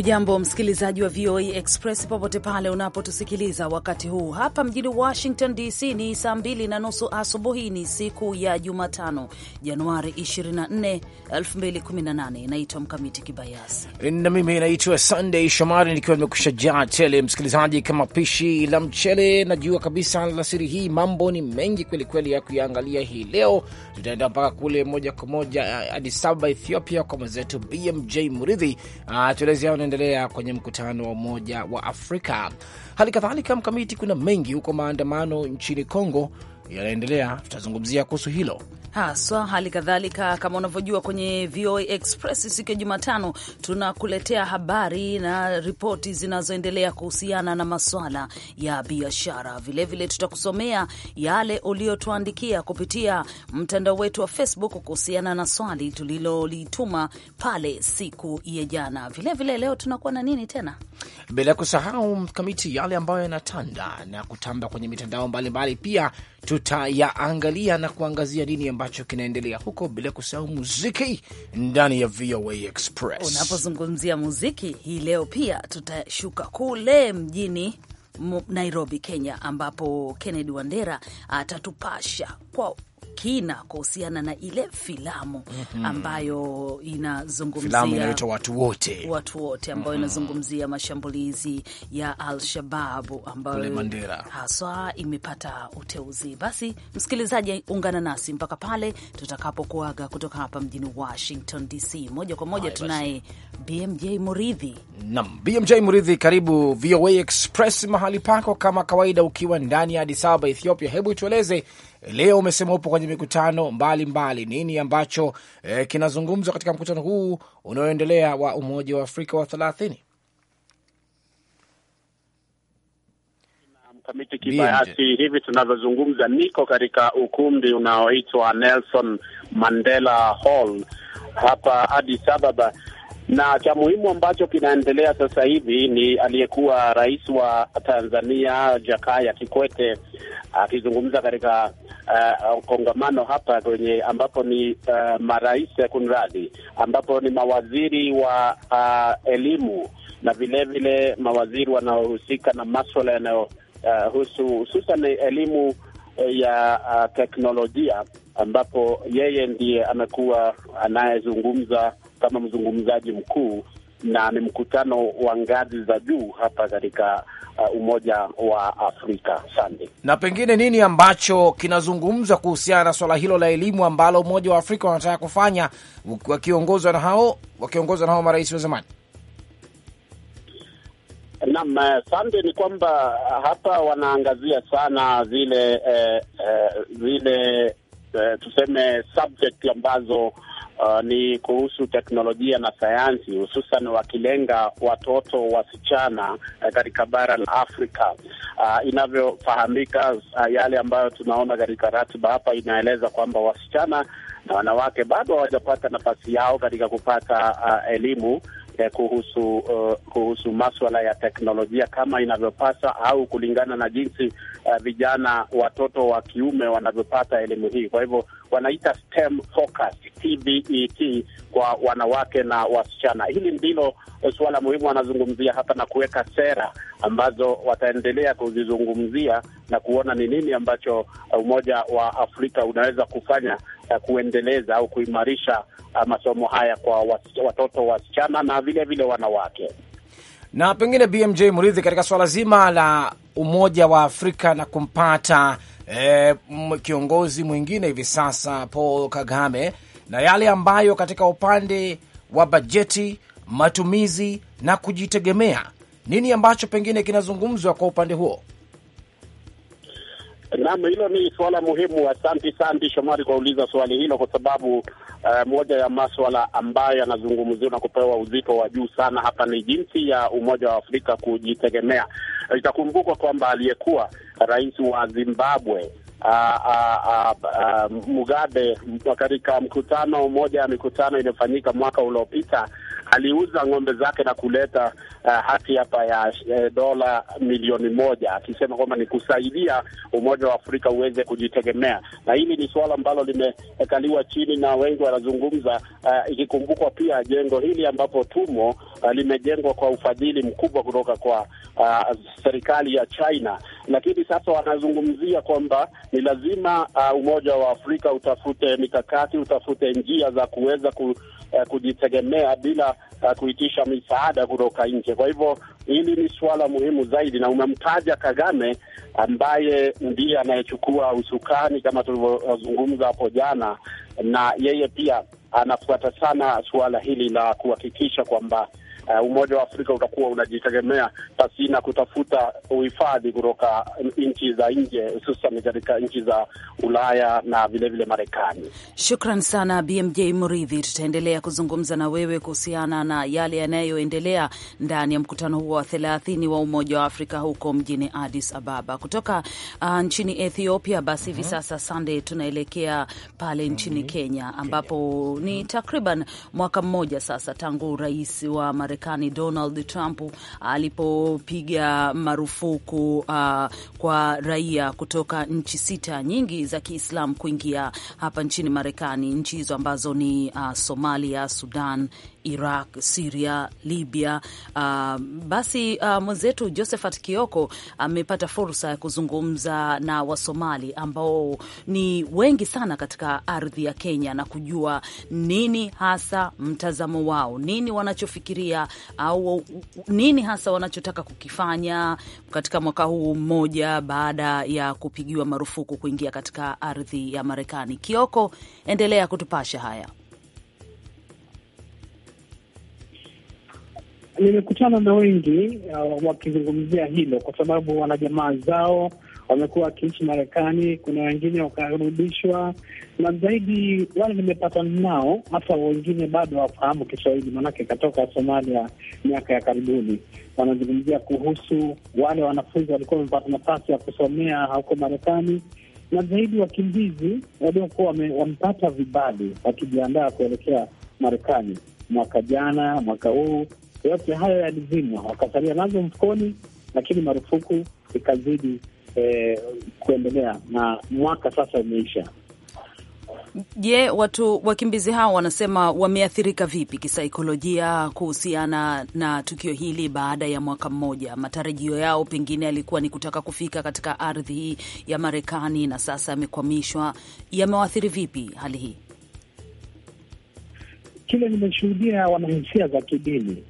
Hujambo msikilizaji wa VOA e Express popote pale unapotusikiliza wakati huu. Hapa mjini Washington DC ni saa mbili na nusu asubuhi. Ni siku ya Jumatano, Januari 24, 2018. Naitwa Mkamiti Kibayasi na mimi naitwa Sunday Shomari, nikiwa nimekusha jaa tele msikilizaji, kama pishi la mchele. Najua kabisa alasiri hii mambo ni mengi kwelikweli ya kuyaangalia hii leo. Tutaenda mpaka kule moja kwa moja eh, Addis Ethiopia, kwa mwenzetu BMJ Muridhi atueleze ah, yanaendelea kwenye mkutano wa Umoja wa Afrika. Hali kadhalika Mkamiti, kuna mengi huko, maandamano nchini Kongo yanaendelea, tutazungumzia kuhusu hilo haswa. Hali kadhalika kama unavyojua kwenye VOA Express siku ya Jumatano tunakuletea habari na ripoti zinazoendelea kuhusiana na maswala ya biashara. Vilevile tutakusomea yale uliotuandikia kupitia mtandao wetu wa Facebook kuhusiana na swali tulilolituma pale siku ya jana. Vilevile leo tunakuwa na nini tena, bila kusahau mkamiti yale ambayo yanatanda na kutamba kwenye mitandao mbalimbali mbali, pia tutayaangalia na kuangazia nini ambacho kinaendelea huko, bila kusahau muziki ndani ya VOA Express. Unapozungumzia muziki hii leo, pia tutashuka kule mjini Nairobi, Kenya, ambapo Kennedy Wandera atatupasha kwa kina kuhusiana na ile filamu mhm. ambayo inazungumzia inaitwa watu wote, watu wote ambayo mhm. inazungumzia mashambulizi ya alshababu ambayo haswa imepata uteuzi. Basi msikilizaji, ungana nasi mpaka pale tutakapokuaga kutoka hapa mjini Washington DC. Moja kwa moja tunaye BMJ Muridhi. Naam, BMJ Muridhi, karibu VOA Express mahali pako kama kawaida, ukiwa ndani ya Addis Ethiopia. Hebu tueleze leo umesema upo kwenye mikutano mbalimbali mbali. Nini ambacho eh, kinazungumzwa katika mkutano huu unaoendelea wa Umoja wa Afrika wa thelathini? Mkamiti Kibayasi, hivi tunavyozungumza niko katika ukumbi unaoitwa Nelson Mandela Hall hapa Addis Ababa na cha muhimu ambacho kinaendelea sasa hivi ni aliyekuwa rais wa Tanzania Jakaya Kikwete akizungumza katika uh, kongamano hapa kwenye ambapo ni uh, marais eh, kunradi, ambapo ni mawaziri wa uh, elimu na vilevile vile mawaziri wanaohusika na maswala yanayohusu uh, hususan elimu eh, ya uh, teknolojia ambapo yeye ndiye amekuwa anayezungumza kama mzungumzaji mkuu na ni mkutano wa ngazi za juu hapa katika uh, Umoja wa Afrika. Sande, na pengine nini ambacho kinazungumzwa kuhusiana na swala hilo la elimu ambalo Umoja wa Afrika wanataka kufanya wakiongozwa na hao wakiongozwa na hao marais wa zamani? Naam, eh, Sande, ni kwamba uh, hapa wanaangazia sana zile eh, eh, zile eh, tuseme subject ambazo uh, ni kuhusu teknolojia na sayansi, hususan wakilenga watoto wasichana uh, katika bara la Afrika. Uh, inavyofahamika, uh, yale ambayo tunaona katika ratiba hapa inaeleza kwamba wasichana na wanawake bado hawajapata nafasi yao katika kupata uh, elimu uh, kuhusu uh, kuhusu maswala ya teknolojia kama inavyopasa au kulingana na jinsi uh, vijana watoto wa kiume wanavyopata elimu hii. Kwa hivyo wanaita STEM focus TVET kwa wanawake na wasichana. Hili ndilo suala muhimu wanazungumzia hapa na kuweka sera ambazo wataendelea kuzizungumzia na kuona ni nini ambacho Umoja wa Afrika unaweza kufanya eh, kuendeleza au kuimarisha eh, masomo haya kwa watoto wasichana na vilevile vile wanawake. Na pengine BMJ Murithi, katika swala zima la Umoja wa Afrika na kumpata eh, kiongozi mwingine hivi sasa Paul Kagame na yale ambayo katika upande wa bajeti, matumizi na kujitegemea, nini ambacho pengine kinazungumzwa kwa upande huo? Naam, hilo ni suala muhimu. Asante Sandi Shomari kuuliza swali hilo, kwa sababu uh, moja ya maswala ambayo yanazungumziwa na kupewa uzito wa juu sana hapa ni jinsi ya Umoja wa Afrika kujitegemea. Itakumbukwa kwamba aliyekuwa rais wa Zimbabwe Mugabe katika mkutano, moja ya mikutano iliyofanyika mwaka uliopita aliuza ng'ombe zake na kuleta uh, hati hapa ya uh, dola milioni moja akisema kwamba ni kusaidia Umoja wa Afrika uweze kujitegemea, na hili ni suala ambalo limekaliwa chini na wengi wanazungumza, uh, ikikumbukwa pia jengo hili ambapo tumo uh, limejengwa kwa ufadhili mkubwa kutoka kwa uh, serikali ya China, lakini sasa wanazungumzia kwamba ni lazima uh, Umoja wa Afrika utafute mikakati, utafute njia za kuweza ku uh, kujitegemea bila uh, kuitisha misaada kutoka nje. Kwa hivyo hili ni suala muhimu zaidi, na umemtaja Kagame ambaye ndiye anayechukua usukani kama tulivyozungumza hapo jana, na yeye pia anafuata sana suala hili la kuhakikisha kwamba uh, Umoja wa Afrika utakuwa unajitegemea pasina kutafuta uhifadhi kutoka nchi za nje, hususan katika nchi za Ulaya na vilevile Marekani. Shukran sana BMJ Mridhi, tutaendelea kuzungumza na wewe kuhusiana na yale yanayoendelea ndani ya mkutano huo wa thelathini wa Umoja wa Afrika huko mjini Addis Ababa. Kutoka uh, nchini Ethiopia basi hivi mm -hmm. Sasa Sunday tunaelekea pale mhm. nchini mm -hmm. Kenya ambapo Kenya. ni takriban mwaka mmoja sasa tangu rais wa Marekani Marekani Donald Trump alipopiga marufuku uh, kwa raia kutoka nchi sita nyingi za Kiislamu kuingia hapa nchini Marekani, nchi hizo ambazo ni uh, Somalia, Sudan, Iraq, Siria, Libya. Uh, basi uh, mwenzetu Josephat Kioko amepata fursa ya kuzungumza na Wasomali ambao ni wengi sana katika ardhi ya Kenya na kujua nini hasa mtazamo wao, nini wanachofikiria au nini hasa wanachotaka kukifanya katika mwaka huu mmoja baada ya kupigiwa marufuku kuingia katika ardhi ya Marekani. Kioko, endelea kutupasha haya. nimekutana na wengi uh, wakizungumzia hilo, kwa sababu wanajamaa zao wamekuwa wakiishi Marekani. Kuna wengine wakarudishwa, na zaidi wale nimepata nao, hata wengine bado wafahamu Kiswahili, maanake katoka Somalia miaka ya karibuni. Wanazungumzia kuhusu wale wanafunzi walikuwa wamepata nafasi ya kusomea huko Marekani, na zaidi wakimbizi waliokuwa wamepata vibali wakijiandaa kuelekea Marekani mwaka jana, mwaka huu yote hayo yalizimwa, wakasalia nazo mfukoni, lakini marufuku ikazidi eh, kuendelea na mwaka sasa umeisha. Je, watu wakimbizi hao wanasema wameathirika vipi kisaikolojia kuhusiana na tukio hili? Baada ya mwaka mmoja, matarajio yao pengine yalikuwa ni kutaka kufika katika ardhi hii ya Marekani na sasa yamekwamishwa. Yamewaathiri vipi hali hii? Kile nimeshuhudia, wana hisia za kidini,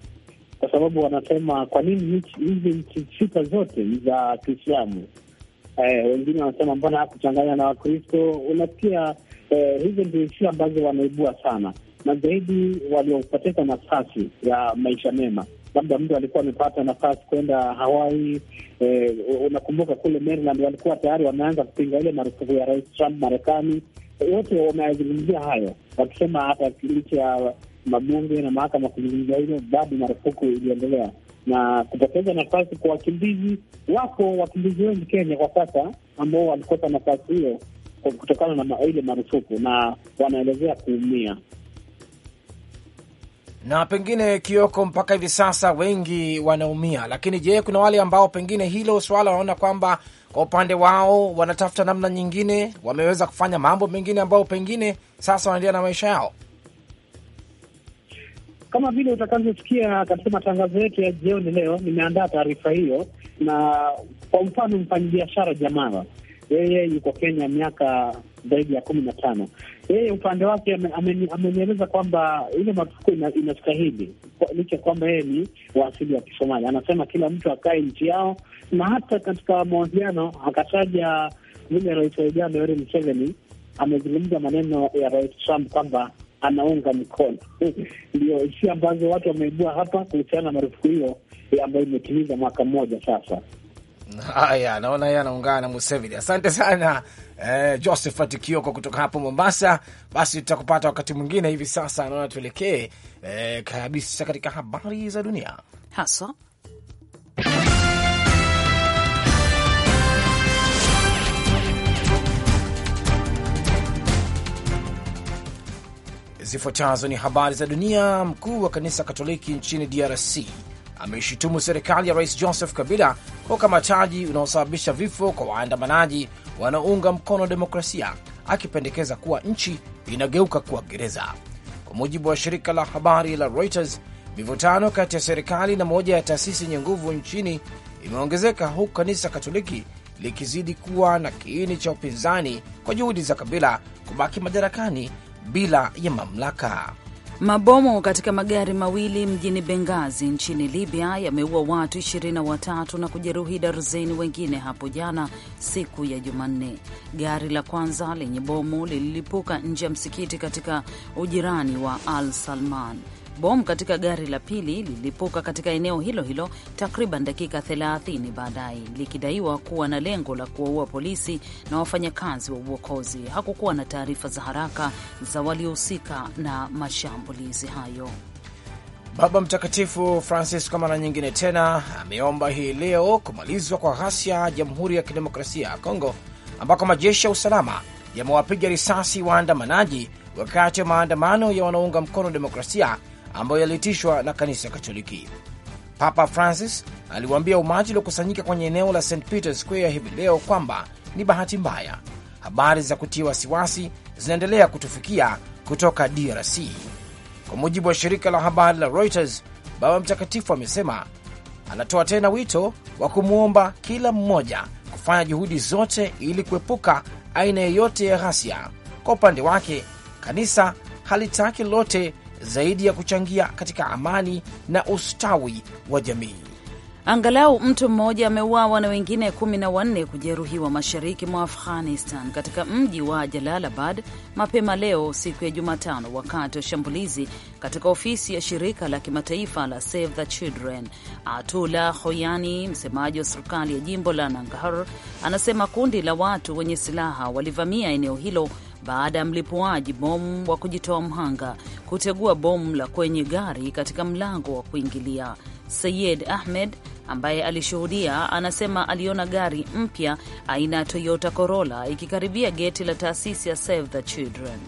kwa sababu wanasema kwa nini hizi nchi sita zote ni za Kiislamu. Eh, wengine wanasema mbona hakuchanganya na Wakristo? Unasikia eh, hizo ndio nchi ambazo wanaibua sana na zaidi waliopoteza nafasi ya maisha mema. Labda mtu alikuwa amepata nafasi kwenda Hawaii. Eh, unakumbuka kule Maryland walikuwa tayari wameanza kupinga ile marufuku ya Rais Trump Marekani. Wote wameazungumzia hayo wakisema hata licha ya mabunge na mahakama kuzungumza hilo, bado marufuku iliendelea na kupoteza nafasi kwa wakimbizi. Wapo wakimbizi wengi Kenya kwa sasa ambao walikosa nafasi hiyo kutokana na ile marufuku, na wanaelezea kuumia na pengine Kioko, mpaka hivi sasa wengi wanaumia. Lakini je, kuna wale ambao pengine hilo swala wanaona kwamba kwa upande wao wanatafuta namna nyingine, wameweza kufanya mambo mengine ambao pengine sasa wanaendelea na maisha yao? Kama vile utakavyosikia katika matangazo yetu ya jioni leo, nimeandaa taarifa hiyo, na kwa mfano mfanyabiashara jamaa yeye yuko Kenya miaka zaidi ya kumi na tano. Yeye upande wake amenieleza kwamba ile marufuku inastahili, licha kwamba yeye ni waasili wa Kisomali. Anasema kila mtu akae nchi yao, na hata katika mahojiano akataja vile rais wa ujana Yoweri Museveni amezungumza maneno ya rais Trump kwamba anaunga mkono. Ndio hisia ambazo watu wameibua hapa kuhusiana na marufuku hiyo ambayo imetimiza mwaka mmoja sasa. Haya, naona yeye anaungana na Museveni. Asante sana eh, Josephat Kioko kutoka hapo Mombasa. Basi tutakupata wakati mwingine. Hivi sasa naona tuelekee eh, kabisa katika habari za dunia haswa Zifuatazo ni habari za dunia. Mkuu wa kanisa Katoliki nchini DRC ameishutumu serikali ya Rais Joseph Kabila kwa ukamataji unaosababisha vifo kwa waandamanaji wanaounga mkono demokrasia, akipendekeza kuwa nchi inageuka kuwa gereza. Kwa mujibu wa shirika la habari la Reuters, mivutano kati ya serikali na moja ya taasisi yenye nguvu nchini imeongezeka huku kanisa Katoliki likizidi kuwa na kiini cha upinzani kwa juhudi za Kabila kubaki madarakani bila ya mamlaka. Mabomu katika magari mawili mjini Bengazi nchini Libya yameua watu 23 na kujeruhi darzeni wengine hapo jana siku ya Jumanne. Gari la kwanza lenye bomu lililipuka nje ya msikiti katika ujirani wa Al Salman. Bomu katika gari la pili lilipuka katika eneo hilo hilo takriban dakika 30 baadaye, likidaiwa kuwa na lengo la kuwaua polisi na wafanyakazi wa uokozi. Hakukuwa na taarifa za haraka za waliohusika na mashambulizi hayo. Baba Mtakatifu Francis kwa mara nyingine tena ameomba hii leo kumalizwa kwa ghasia Jamhuri ya Kidemokrasia ya Kongo, ambako majeshi ya usalama yamewapiga risasi waandamanaji wakati wa maandamano ya wanaunga mkono demokrasia ambayo yaliitishwa na kanisa Katoliki. Papa Francis aliwaambia umati uliokusanyika kwenye eneo la St Peter Square hivi leo kwamba ni bahati mbaya, habari za kutia wasiwasi zinaendelea kutufikia kutoka DRC. Kwa mujibu wa shirika la habari la Reuters, Baba Mtakatifu amesema anatoa tena wito wa kumwomba kila mmoja kufanya juhudi zote ili kuepuka aina yeyote ya ghasia. Kwa upande wake, kanisa halitaki lolote zaidi ya kuchangia katika amani na ustawi wa jamii. Angalau mtu mmoja ameuawa na wengine kumi na wanne kujeruhiwa mashariki mwa Afghanistan katika mji wa Jalalabad mapema leo siku ya Jumatano, wakati wa shambulizi katika ofisi ya shirika la kimataifa la Save the Children. Atula Hoyani, msemaji wa serikali ya jimbo la Nangarhar, anasema kundi la watu wenye silaha walivamia eneo hilo baada ya mlipuaji bomu wa kujitoa mhanga kutegua bomu la kwenye gari katika mlango wa kuingilia. Sayed Ahmed ambaye alishuhudia anasema aliona gari mpya aina ya Toyota Corolla ikikaribia geti la taasisi ya Save the Children.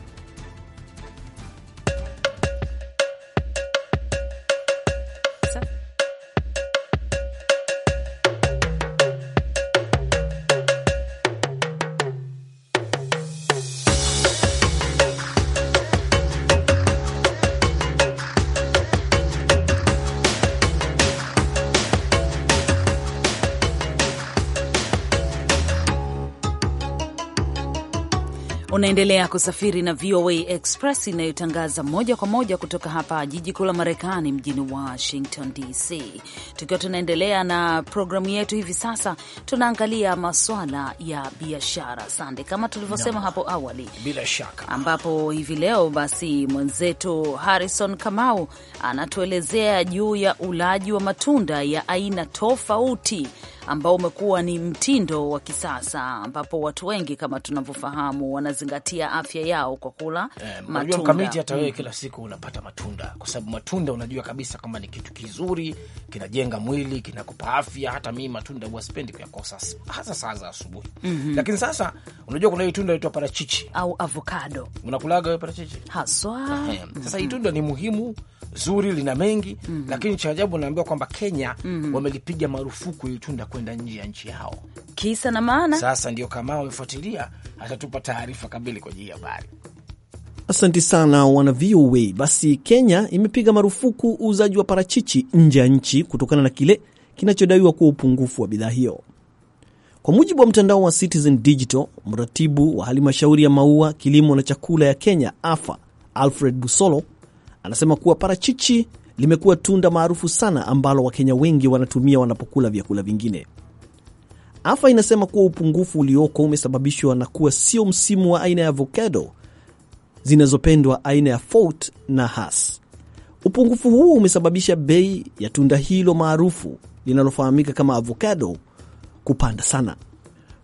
Unaendelea kusafiri na VOA Express inayotangaza moja kwa moja kutoka hapa jiji kuu la Marekani, mjini Washington DC. Tukiwa tunaendelea na programu yetu hivi sasa, tunaangalia maswala ya biashara sande, kama tulivyosema no. hapo awali, bila shaka, ambapo hivi leo basi mwenzetu Harrison Kamau anatuelezea juu ya ulaji wa matunda ya aina tofauti ambao umekuwa ni mtindo wa kisasa, ambapo watu wengi kama tunavyofahamu wanazingatia afya yao kwa kula eh, matunda. Mkamiti, hata wewe mm. kila siku unapata matunda, kwa sababu matunda unajua kabisa kama ni kitu kizuri, kinajenga mwili, kinakupa afya. Hata mimi matunda huwa sipendi kuyakosa, hasa saa za asubuhi mm -hmm. Lakini sasa unajua kuna hii tunda inaitwa parachichi au avocado. Unakulaga wewe parachichi haswa? Sasa hii tunda ni muhimu zuri, lina mengi mm -hmm. Lakini cha ajabu naambiwa kwamba Kenya mm -hmm. wamelipiga marufuku ili tunda kwenda nje ya nchi yao, kisa na maana. Sasa ndio kama wamefuatilia, atatupa taarifa kamili kwa ajili ya habari. Asanti sana wana VOA. Basi Kenya imepiga marufuku uuzaji wa parachichi nje ya nchi kutokana na kile kinachodaiwa kuwa upungufu wa bidhaa hiyo. Kwa mujibu wa mtandao wa Citizen Digital, mratibu wa halmashauri ya maua, kilimo na chakula ya Kenya, AFA, Alfred Busolo Anasema kuwa parachichi limekuwa tunda maarufu sana ambalo Wakenya wengi wanatumia wanapokula vyakula vingine. AFA inasema kuwa upungufu ulioko umesababishwa na kuwa sio msimu wa aina ya avocado zinazopendwa aina ya Fort na has Upungufu huu umesababisha bei ya tunda hilo maarufu linalofahamika kama avocado kupanda sana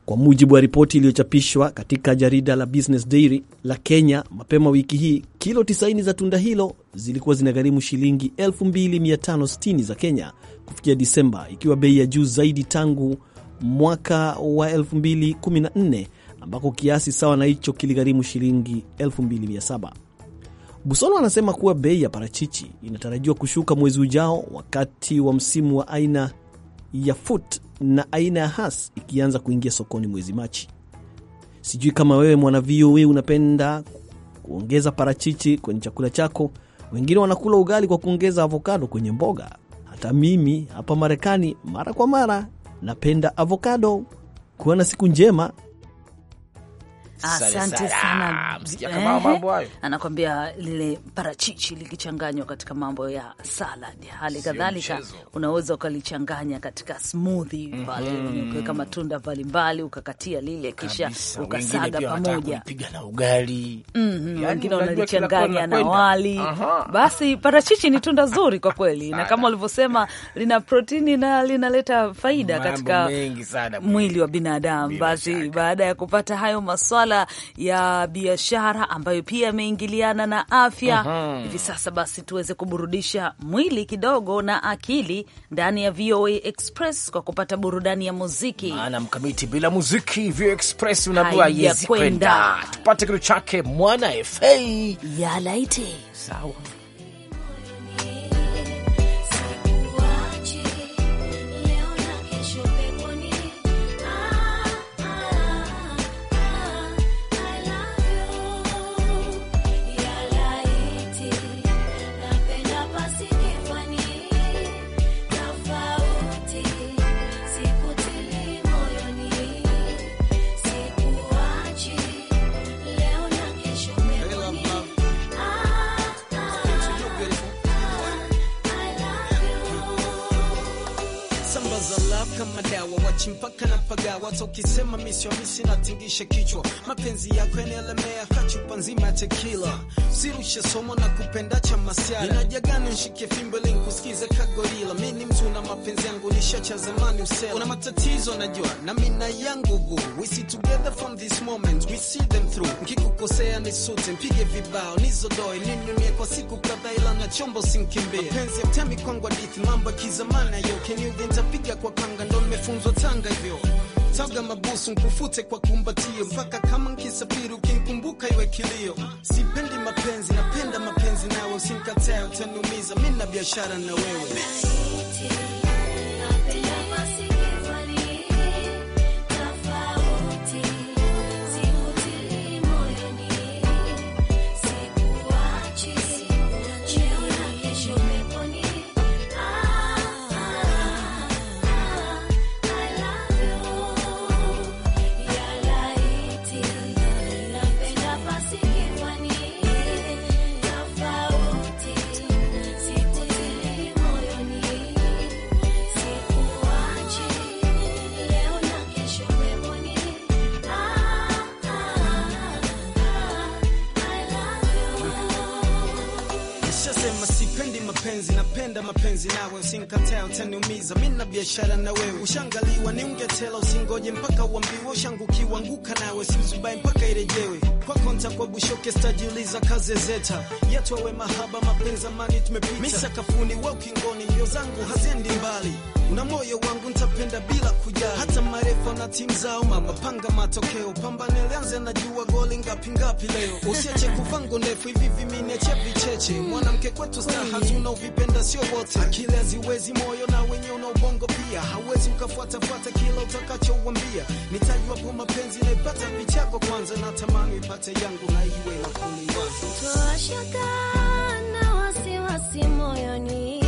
kwa mujibu wa ripoti iliyochapishwa katika jarida la Business Diary la Kenya mapema wiki hii, kilo 90 za tunda hilo zilikuwa zinagharimu shilingi 2560 za Kenya kufikia Disemba, ikiwa bei ya juu zaidi tangu mwaka wa 2014 ambako kiasi sawa na hicho kiligharimu shilingi 2700. Busolo anasema kuwa bei ya parachichi inatarajiwa kushuka mwezi ujao wakati wa msimu wa aina ya foot na aina ya has ikianza kuingia sokoni mwezi Machi. Sijui kama wewe mwana VOA unapenda kuongeza parachichi kwenye chakula chako. Wengine wanakula ugali kwa kuongeza avokado kwenye mboga. Hata mimi hapa Marekani mara kwa mara napenda avokado. Kuwa na siku njema. Asante sana. Msikia kama mambo hayo, anakwambia lile parachichi likichanganywa katika mambo ya salad, hali kadhalika unaweza ukalichanganya katika smoothie pale, mm -hmm. ukiweka matunda mbalimbali ukakatia lile kisha ukasaga pamoja, piga na ugali, mhm. yaani wengine wanalichanganya na wali. Aha. Basi parachichi ni tunda zuri kwa kweli, na kama ulivyosema lina protini na linaleta faida katika mwili wa binadamu. Basi baada ya kupata hayo maswali masuala ya biashara ambayo pia yameingiliana na afya hivi sasa. Basi tuweze kuburudisha mwili kidogo na akili ndani ya VOA Express kwa kupata burudani ya muziki, maana mkamiti bila muziki VOA Express unaambiwa kwenda tupate kitu chake mwana FA ya laiti sawa paga watu ukisema misi natingisha kichwa mapenzi yako yanaelemea kachupa nzima ya tekila usirushe somo na kupenda cha masiara inajagani nshike fimbo ili nikusikize kagorila. Mi ni mtu na mapenzi yangu nisha cha zamani usela, una matatizo najua na mina yangu gu we see together from this moment we see them through. Nkikukosea ni sute mpige vibao nizodoi ninunie kwa siku kadhaa, ila na chombo sinkimbia mapenzi yatemi kwangu hadithi mambo yo kenyu keniuge ntapiga kwa kanga ndo nimefunzwa Tanga hivyo taga mabusu nkufute kwa kumbatio, mpaka kama nkisafiri ukinkumbuka iwe kilio. Sipendi mapenzi, napenda mapenzi nawe, usinikataa tenumiza mina biashara na wewe mapenzi nawe usinkatao utaniumiza mimi na biashara na wewe ushangaliwa ni ungetela usingoje mpaka uambiwe ushangukiwa nguka nawe siuzubai mpaka irejewe kwa bushoke stajiuliza kaze zeta yatwawe mahaba mapenzi amani tumepita mimi wa ukingoni mbio zangu haziendi mbali Una moyo wangu nitapenda bila kuja, hata marefa na timu zao mama, panga matokeo, pambane lianze, najua goli ngapi ngapi leo, usiache kuvango ndefu hivi vimine chepi cheche, mwanamke kwetu staha tunaovipenda sio wote, akili haziwezi moyo na wenye una ubongo pia, hauwezi ukafuatafuata kila utakachouambia, nitajwapo mapenzi naipata ipata yako kwanza, tamani ipate yangu na iwe na kuliwaza, toa shaka na wasiwasi moyoni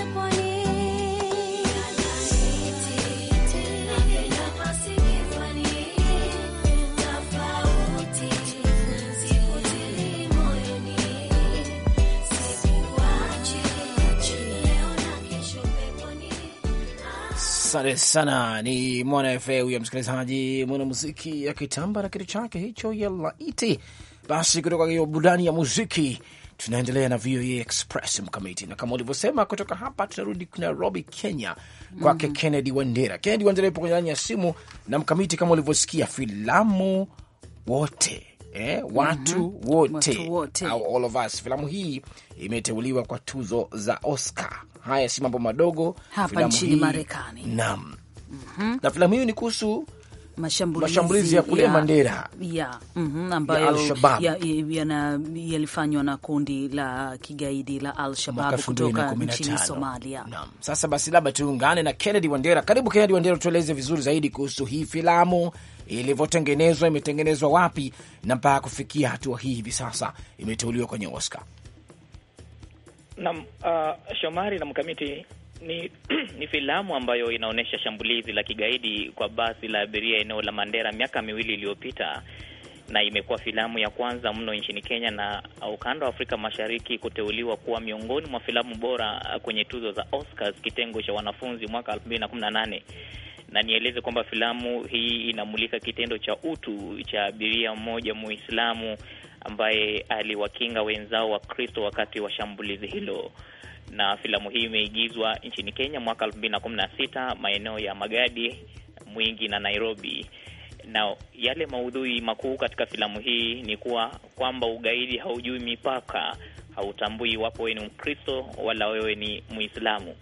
Asante sana, ni Mwana FA huyo msikilizaji, mwanamuziki akitamba na kitu chake hicho ya laiti. Basi kutoka hiyo burudani ya muziki tunaendelea na VOA Express mkamiti, na kama ulivyosema, kutoka hapa tunarudi Nairobi, Kenya, kwake mm -hmm. Kennedy Wandera. Kennedy Wandera yupo kwenye laini ya simu na mkamiti, kama ulivyosikia filamu wote Eh, mhm. watu mm -hmm. wote, wote, au all of us. Filamu hii imeteuliwa kwa tuzo za Oscar Haya si mambo madogo hapa nchini Marekani. Naam. Mm -hmm. Na filamu hiyo ni kuhusu mashambulizi, mashambulizi ya kule Mandera ya mhm, ambayo yalifanywa na kundi la kigaidi la Al-Shabab kutoka nchini Somalia. Naam. Sasa basi labda tuungane na Kennedy Wandera. Karibu Kennedy Wandera, tueleze vizuri zaidi kuhusu hii filamu ilivyotengenezwa, imetengenezwa wapi na mpaka kufikia hatua hii hivi sasa imeteuliwa kwenye Oscar. Naam, uh, Shomari na mkamiti ni ni filamu ambayo inaonyesha shambulizi la kigaidi kwa basi la abiria eneo la Mandera miaka miwili iliyopita, na imekuwa filamu ya kwanza mno nchini Kenya na ukanda wa Afrika Mashariki kuteuliwa kuwa miongoni mwa filamu bora uh, kwenye tuzo za Oscars kitengo cha wanafunzi mwaka 2018 na nieleze kwamba filamu hii inamulika kitendo cha utu cha abiria mmoja Muislamu ambaye aliwakinga wenzao wa Kristo wakati wa shambulizi hilo. Na filamu hii imeigizwa nchini Kenya mwaka elfu mbili na kumi na sita maeneo ya Magadi, Mwingi na Nairobi. Na yale maudhui makuu katika filamu hii ni kuwa kwamba ugaidi haujui mipaka, hautambui iwapo wewe ni Mkristo wala wewe ni Muislamu.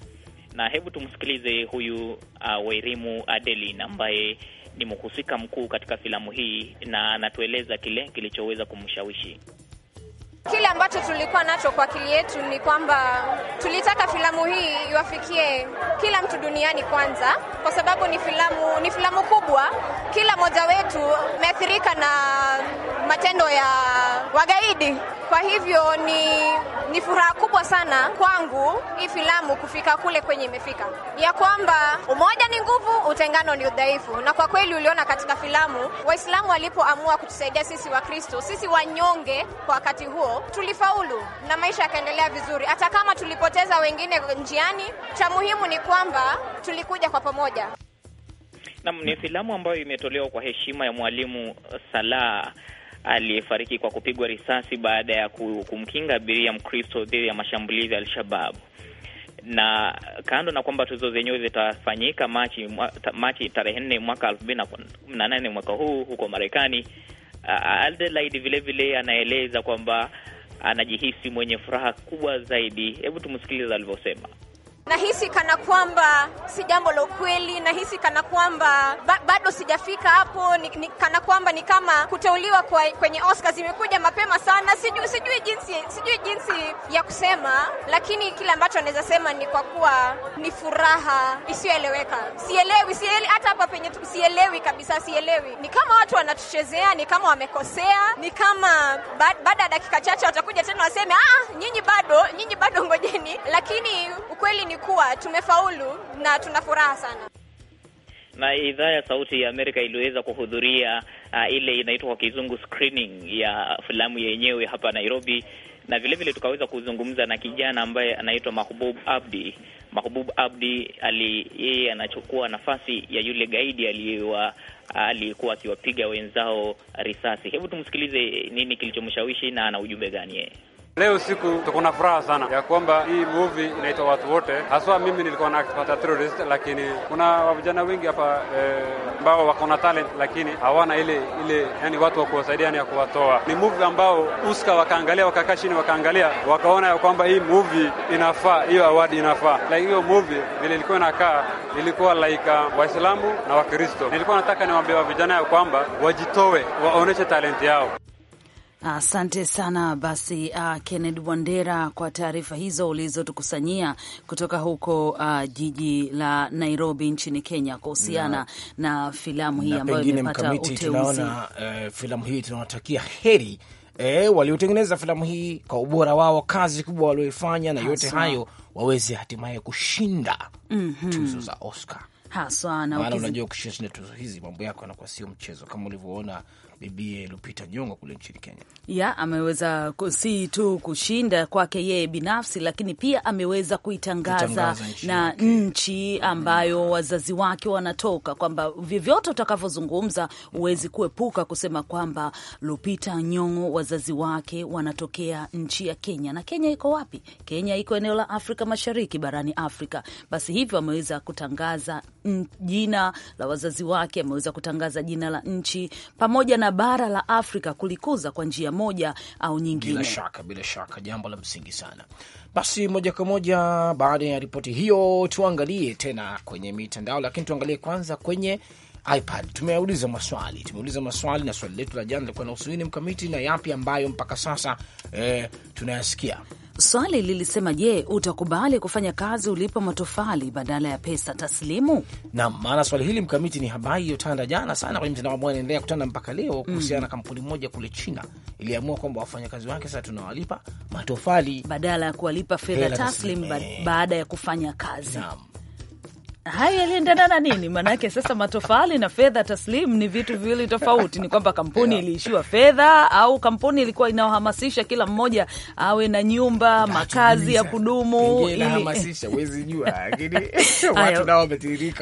Na hebu tumsikilize huyu uh, Wairimu Adeline ambaye ni mhusika mkuu katika filamu hii na anatueleza kile kilichoweza kumshawishi. Kile ambacho tulikuwa nacho kwa akili yetu ni kwamba tulitaka filamu hii iwafikie kila mtu duniani kwanza, kwa sababu ni filamu, ni filamu kubwa. Kila mmoja wetu ameathirika na matendo ya wagaidi. Kwa hivyo ni, ni furaha kubwa sana kwangu hii filamu kufika kule kwenye imefika, ya kwamba umoja ni nguvu, utengano ni udhaifu. Na kwa kweli uliona katika filamu Waislamu walipoamua kutusaidia sisi Wakristo, sisi wanyonge kwa wakati huo, tulifaulu na maisha yakaendelea vizuri, hata kama tulipoteza wengine njiani. Cha muhimu ni kwamba tulikuja kwa pamoja. Nam, ni filamu ambayo imetolewa kwa heshima ya Mwalimu Salah aliyefariki kwa kupigwa risasi baada ya kumkinga abiria Mkristo dhidi ya mashambulizi ya Al-Shabab na kando na kwamba tuzo zenyewe zitafanyika Machi Machi tarehe nne mwaka elfu mbili na nane mwaka huu huko Marekani. Adelaide vile vile anaeleza kwamba anajihisi mwenye furaha kubwa zaidi. Hebu tumsikilize alivyosema. Nahisi kana kwamba si jambo la ukweli, nahisi kana kwamba ba, bado sijafika hapo ni, ni, kana kwamba ni kama kuteuliwa kwa, kwenye Oscars imekuja mapema sana. Sijui, sijui jinsi sijui jinsi ya kusema, lakini kile ambacho anaweza sema ni kwa kuwa ni furaha isiyoeleweka. Sielewi, sielewi hata hapa penye sielewi kabisa, sielewi. Ni kama watu wanatuchezea, ni kama wamekosea, ni kama baada ya dakika chache watakuja tena waseme ah, nyinyi bado, nyinyi bado, ngojeni. Lakini ukweli ni kuwa tumefaulu na tuna furaha sana na idhaa ya Sauti ya Amerika iliweza kuhudhuria uh, ile inaitwa kwa kizungu screening ya filamu yenyewe hapa Nairobi, na vile vile tukaweza kuzungumza na kijana ambaye anaitwa Mahbub Abdi. Mahbub Abdi ali yeye anachukua nafasi ya yule gaidi aliyewa alikuwa akiwapiga wenzao risasi. Hebu tumsikilize nini kilichomshawishi na ana ujumbe gani yeye. Leo siku tuko na furaha sana ya kwamba hii movie inaitwa watu wote, haswa mimi nilikuwa na pata terrorist, lakini kuna vijana wengi hapa eh, ambao eh, wako na talent lakini hawana ile ile, yani watu wa kuwasaidia, ya kuwatoa. Ni movie ambao uska wakaangalia, wakakaa chini, wakaangalia, wakaona ya kwamba hii movie inafaa, hiyo award inafaa. Like hiyo movie vile ilikuwa inakaa, ilikuwa like uh, Waislamu na Wakristo. Nilikuwa nataka niwaambie wa vijana ya kwamba wajitoe, waoneshe talent yao. Asante sana basi, uh, Kenneth Wandera kwa taarifa hizo ulizotukusanyia kutoka huko uh, jiji la Nairobi nchini Kenya kuhusiana na, na filamu hii ambayo imepata uteuzi. Tunaona uh, filamu hii tunawatakia heri E, waliotengeneza filamu hii kwa ubora wao, kazi kubwa walioifanya, na yote hayo waweze hatimaye kushinda mm -hmm. tuzo za Oscar haswa, na unajua kushinda tuzo hizi mambo yako yanakuwa sio mchezo, kama ulivyoona Bibie Lupita Nyong'o kule nchini Kenya. Ya, ameweza si tu kushinda kwake yeye binafsi, lakini pia ameweza kuitangaza, na nchi ambayo wazazi wake wanatoka, kwamba vyovyote utakavyozungumza huwezi kuepuka kusema kwamba Lupita Nyong'o wazazi wake wanatokea nchi ya Kenya. Na Kenya iko wapi? Kenya iko eneo la Afrika Mashariki barani Afrika. Basi hivyo ameweza kutangaza jina la wazazi wake, ameweza kutangaza jina la nchi pamoja na na bara la Afrika kulikuza kwa njia moja au nyingine. Bila shaka, bila shaka, jambo la msingi sana. Basi moja kwa moja baada ya ripoti hiyo, tuangalie tena kwenye mitandao, lakini tuangalie kwanza kwenye iPad. Tumeuliza maswali, tumeuliza maswali na swali letu la jana lilikuwa na usuini mkamiti na yapi ambayo mpaka sasa eh, tunayasikia Swali lilisema je, utakubali kufanya kazi ulipo matofali badala ya pesa taslimu? Naam, maana swali hili mkamiti, ni habari iliyotanda jana sana kwenye mtandao ambao anaendelea kutanda mpaka leo mm. kuhusiana mm. na kampuni moja kule China iliamua kwamba wafanyakazi wake sasa tunawalipa matofali badala ya kuwalipa fedha taslim, ba eh. baada ya kufanya kazi. Naam haya yaliendana na nini? Maanake sasa matofali na fedha taslimu ni vitu viwili tofauti. Ni kwamba kampuni yeah, iliishiwa fedha au kampuni ilikuwa inaohamasisha kila mmoja awe na nyumba Datu makazi ya kudumu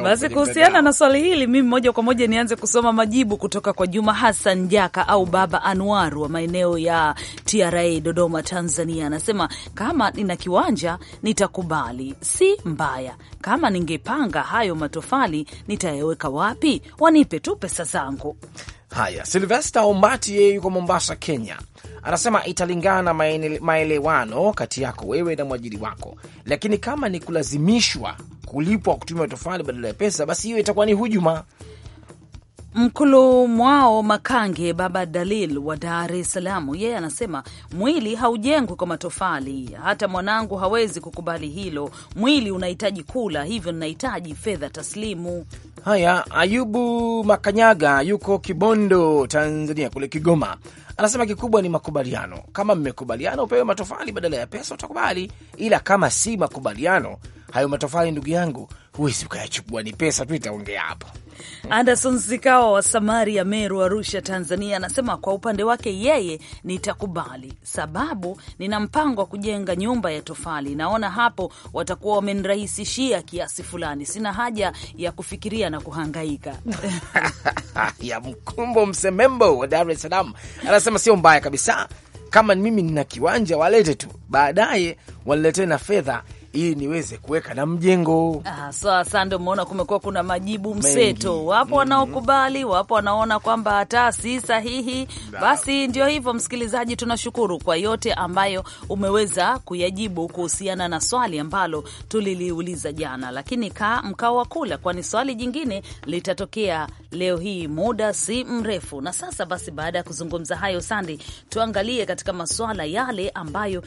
Basi kuhusiana na swali hili, mimi moja kwa moja nianze kusoma majibu kutoka kwa Juma Hassan Jaka au Baba Anwar wa maeneo ya TRA Dodoma, Tanzania. Anasema kama nina kiwanja nitakubali, si mbaya kama ningepanga kujenga hayo matofali nitayaweka wapi? Wanipe tu pesa zangu. Haya, Silvesta Ombati yeye yuko Mombasa, Kenya, anasema italingana na maelewano kati yako wewe na mwajiri wako, lakini kama ni kulazimishwa kulipwa kutumia tofali badala ya pesa, basi hiyo itakuwa ni hujuma mkulu mwao Makange, baba Dalil wa Dar es Salaam, yeye anasema mwili haujengwi kwa matofali. Hata mwanangu hawezi kukubali hilo. Mwili unahitaji kula, hivyo ninahitaji fedha taslimu. Haya, Ayubu Makanyaga yuko Kibondo, Tanzania, kule Kigoma, anasema kikubwa ni makubaliano. Kama mmekubaliana upewe matofali badala ya pesa, utakubali, ila kama si makubaliano hayo matofali, ndugu yangu, huwezi ukayachukua, ni pesa tu. Itaongea hapo Anderson Zikawa wa Samaria, Meru, Arusha, Tanzania, anasema kwa upande wake yeye nitakubali, sababu nina mpango wa kujenga nyumba ya tofali. Naona hapo watakuwa wamenirahisishia kiasi fulani, sina haja ya kufikiria na kuhangaika. ya Mkumbo Msemembo wa Dar es Salaam anasema sio mbaya kabisa, kama mimi nina kiwanja walete tu, baadaye waniletee na fedha ili niweze kuweka na mjengo. Ah, sawa so, sana. umeona kumekuwa kuna majibu mseto mengi. Wapo mm-hmm. wanaokubali, wapo wanaona kwamba hata si sahihi. Basi ndio hivyo, msikilizaji, tunashukuru kwa yote ambayo umeweza kuyajibu kuhusiana na swali ambalo tuliliuliza jana, lakini ka mkao wa kula, kwani swali jingine litatokea leo hii muda si mrefu. Na sasa basi, baada ya kuzungumza hayo, Sandi, tuangalie katika masuala yale ambayo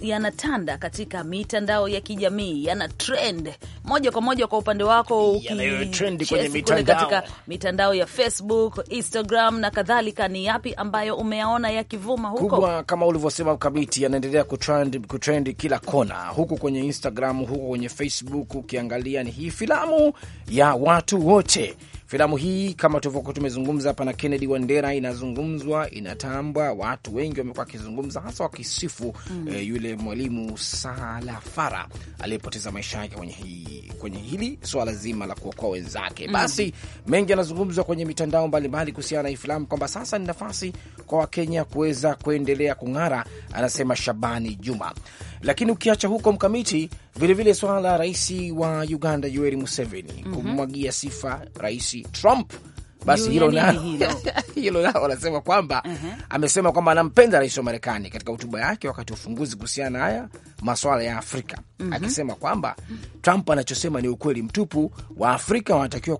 yanatanda katika mitandao mitandao ya kijamii yana trend moja kwa moja kwa upande wako, ukicheza katika mitandao ya Facebook, Instagram na kadhalika, ni yapi ambayo umeyaona yakivuma huko? Kubwa kama ulivyosema Kabiti, yanaendelea kutrend, kutrend kila kona, huku kwenye Instagram, huku kwenye Facebook, ukiangalia ni hii filamu ya watu wote Filamu hii kama tulivyokuwa tumezungumza hapa na Kennedy Wandera, inazungumzwa, inatambwa, watu wengi wamekuwa wakizungumza, hasa wakisifu mm. eh, yule mwalimu Salafara aliyepoteza maisha yake kwenye kwenye hili swala zima la kuokoa wenzake. Mm. Basi mm. mengi yanazungumzwa kwenye mitandao mbalimbali kuhusiana na hii filamu kwamba sasa ni nafasi kwa Wakenya kuweza kuendelea kung'ara, anasema Shabani Juma. Lakini ukiacha huko mkamiti, vilevile swala la rais wa Uganda Yoweri Museveni mm -hmm. kumwagia sifa rais Trump basi hilo nalo hilo nao wanasema kwamba uh -huh. amesema kwamba anampenda rais wa Marekani katika hotuba yake wakati wa ufunguzi kuhusiana na haya maswala ya Afrika uh mhm. -huh. akisema kwamba Trump anachosema ni ukweli mtupu, Waafrika wanatakiwa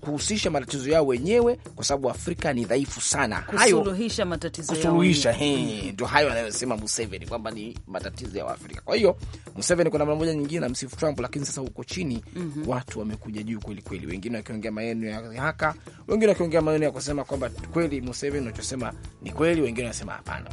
kuhusisha matatizo yao wenyewe kwa sababu Afrika ni dhaifu sana, kusuluhisha matatizo yao, kusuluhisha mhm. ndio hayo anayosema Museveni kwamba ni matatizo ya Waafrika. Kwa hiyo Museveni kwa namna moja nyingine na msifu Trump, lakini sasa huko chini uh mhm. -huh. watu wamekuja juu kwelikweli, wengine wakiongea maneno ya haka, wengine wakiongea maneno ya kusema kwamba kweli Museveni unachosema ni kweli, wengine wanasema hapana.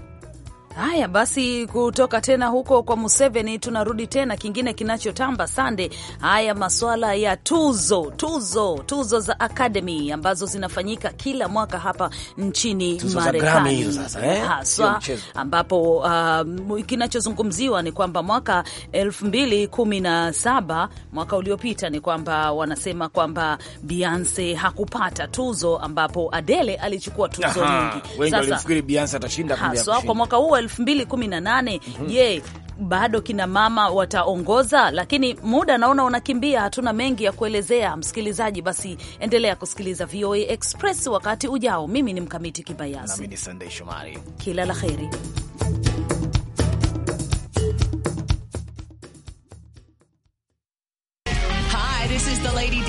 Haya basi, kutoka tena huko kwa Museveni tunarudi tena kingine kinachotamba sande. Haya maswala ya tuzo tuzo tuzo za Academy ambazo zinafanyika kila mwaka hapa nchini Marekani eh? haswa eh? ambapo uh, kinachozungumziwa ni kwamba mwaka 2017 mwaka uliopita ni kwamba wanasema kwamba Beyonce hakupata tuzo, ambapo Adele alichukua tuzo nyingi. Sasa, wengi walifikiri Beyonce atashinda, haswa kwa mwaka huu elfu mbili kumi na nane je, bado kina mama wataongoza? Lakini muda naona unakimbia, hatuna mengi ya kuelezea msikilizaji. Basi endelea kusikiliza VOA Express wakati ujao. Mimi ni Mkamiti Kibayasi, nami ni Sandei Shomari. Kila la heri.